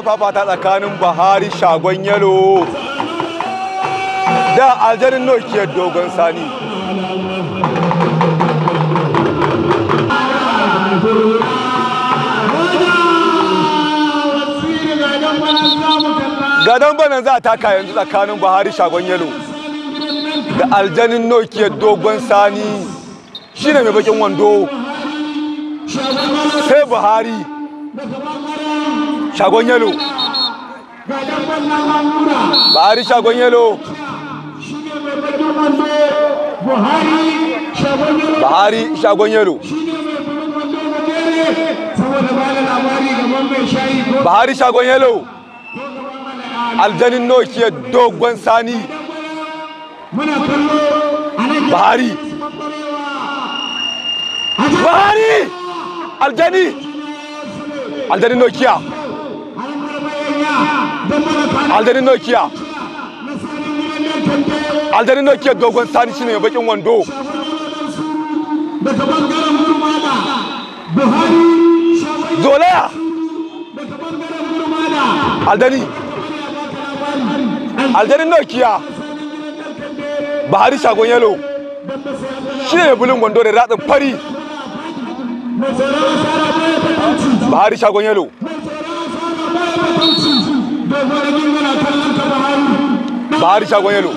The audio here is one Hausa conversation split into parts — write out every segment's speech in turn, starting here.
a fafata tsakanin Buhari shagon yalo da aljanin nokiyar dogon sani gadon banan za a taka yanzu tsakanin buhari shagon yalo da aljanin nokiyar dogon sani shine mai bakin wando sai buhari shagon yalo bahari shagon yalo bahari shagon yalo bahari shagon yalo aljanin dogon sani bahari bahari aljani aljani nokiya aldarin nokia aldarin nokia dogon sani shine mai bakin wando daga zolaya daga bangaren nokia bahari shagon yalo shine mai bulin wando da ratsin fari bahari shagon yalo Bahari shagon yalo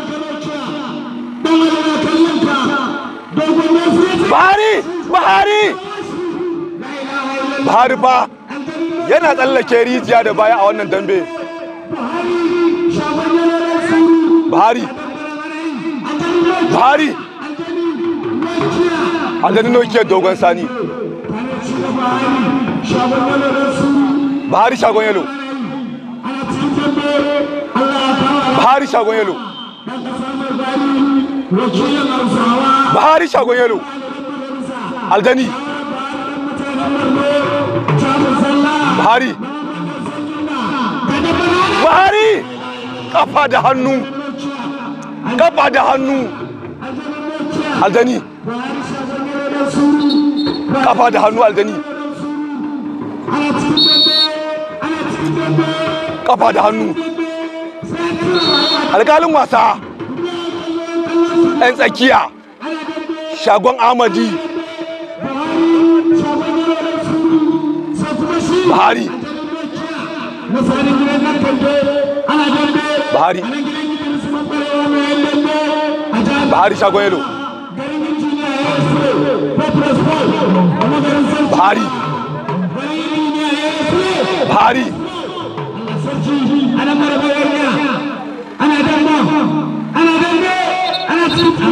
bari bari Bahari fa yana tsallake rijiya da baya a wannan dambe bari bari Adani Nokia dogon sani bari shagon yalo Buhari shagon Bahari Buhari shagon yalo Aljani Buhari Buhari kafa da hannu kafa da hannu Aljani kafa da hannu Aljani kafa da hannu alƙalin wasa 'yan tsakiya shagon amadi bahari bahari bahari shagon yalo bahari bahari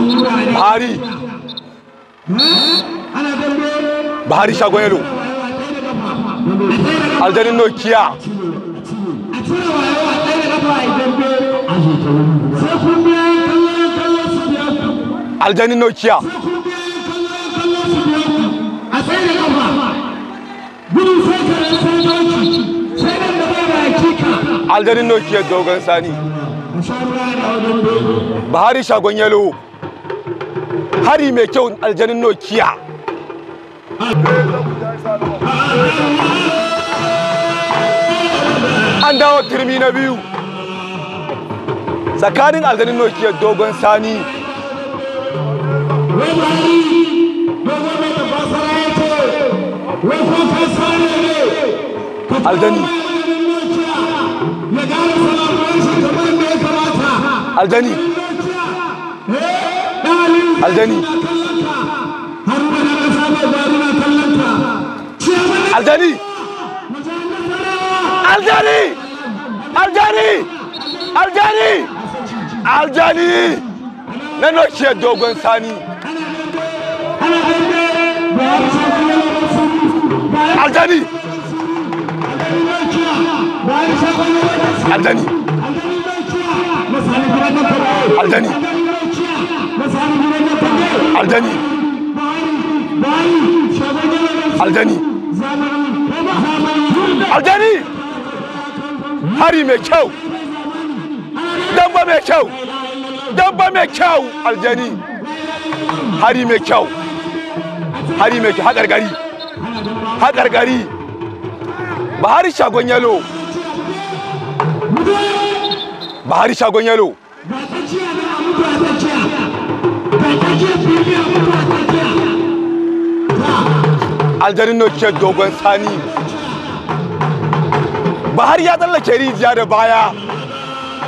Buhari Buhari Shagwayelo Aljanin Nokia Aljanin Nokia Aljanin Nokia dogon sani Shagon hari mai kyau aljanin nokia an dawo turmi na biyu tsakanin aljanin nokia dogon sani aljani aljani aljani aljani aljani aljani aljani aljani na noke dogon sani aljani aljani aljani aljani aljani aljani hari mai kyau damba mai kyau damba mai kyau aljani hari mai kyau hari mai kyau haƙar gari haƙar gari bahari shagon yalo bahari shagon yalo aljarin nokiyar dogon sani bahar ya tsallake rijiya da baya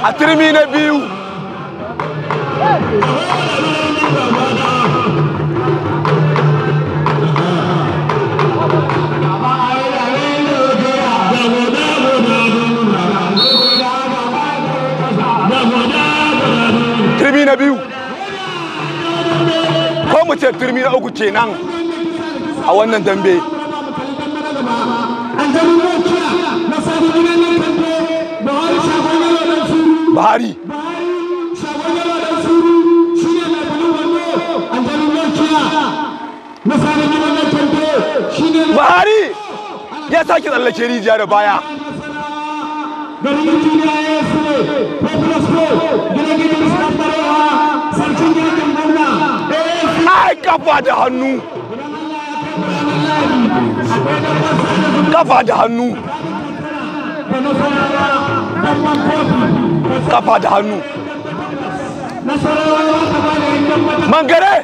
a turmi na biyu turmi na biyu ce turmi na uku kenan a wannan dambe Bahari Bahari ya sake tsallake rijiya da baya sarkin kai kafa da hannu kafa da hannu kafa da hannu mangare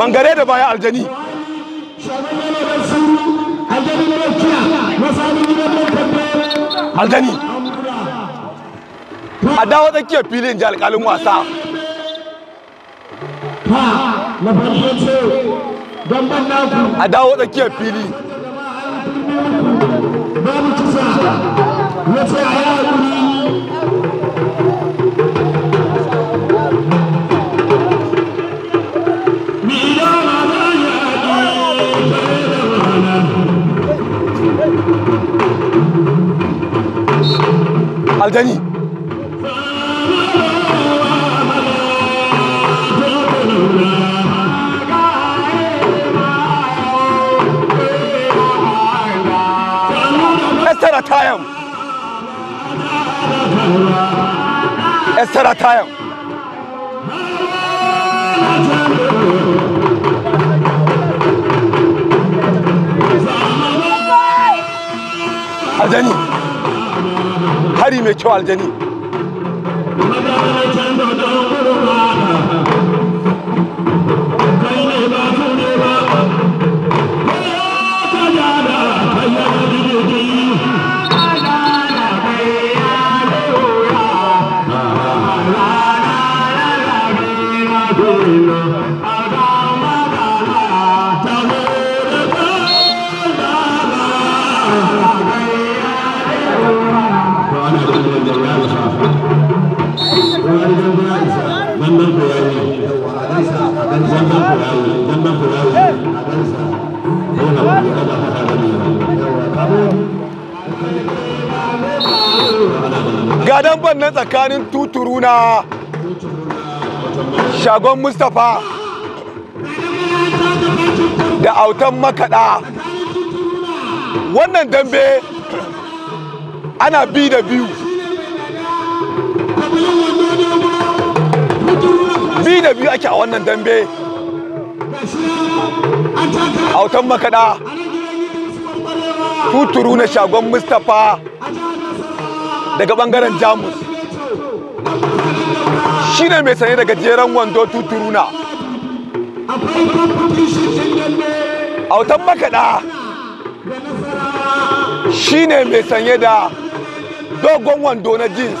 mangare da baya aljani aljani a dawo tsakiyar filin ji alƙalin wasa a dawo tsakiyar fili aljani extra time extra time aljani hari mai kyau aljani zamban kurawi nan tsakanin tuturu na shagon mustapha da autan makaɗa wannan dambe ana bi da biyu biyu da biyu ake a wannan dambe autan makaɗa tuturu na shagon mustapha daga ɓangaren jamus shi ne mai sanye daga jeren wando tuturu na autan makaɗa shi ne mai sanye da dogon wando na jeans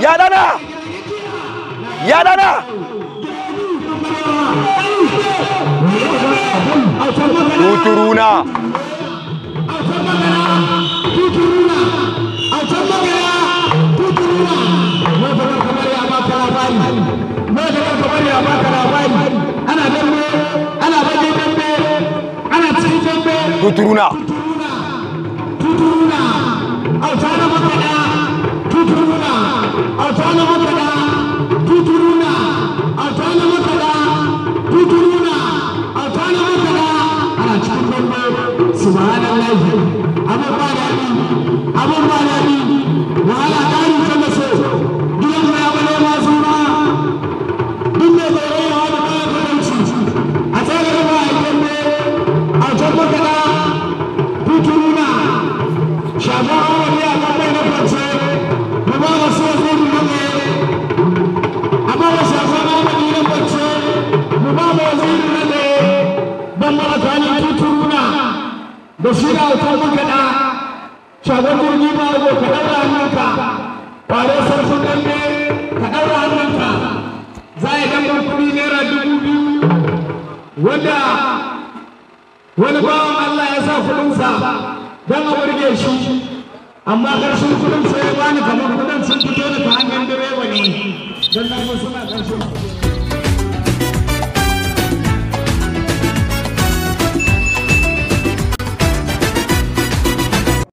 ya dana ya dana tuturuna tuturuna tuturuna atana makada tuturuna atana makada tuturuna atana makada ana cikin da subhanallahi abun ba daɗi abun ba daɗi wahala da shi na wuta muka da shagon jirgi ba ko ka ɗaura hannunka kware sarkin dambe ka ɗaura hannunka za a yi dambar kuɗi naira dubu biyu wanda wani bawan Allah ya sa kuɗinsa don a burge shi amma ƙarshen kuɗin sai ya bani kamar kuɗin sun fito ta hanyar direba ne don nan suna ƙarshen kuɗin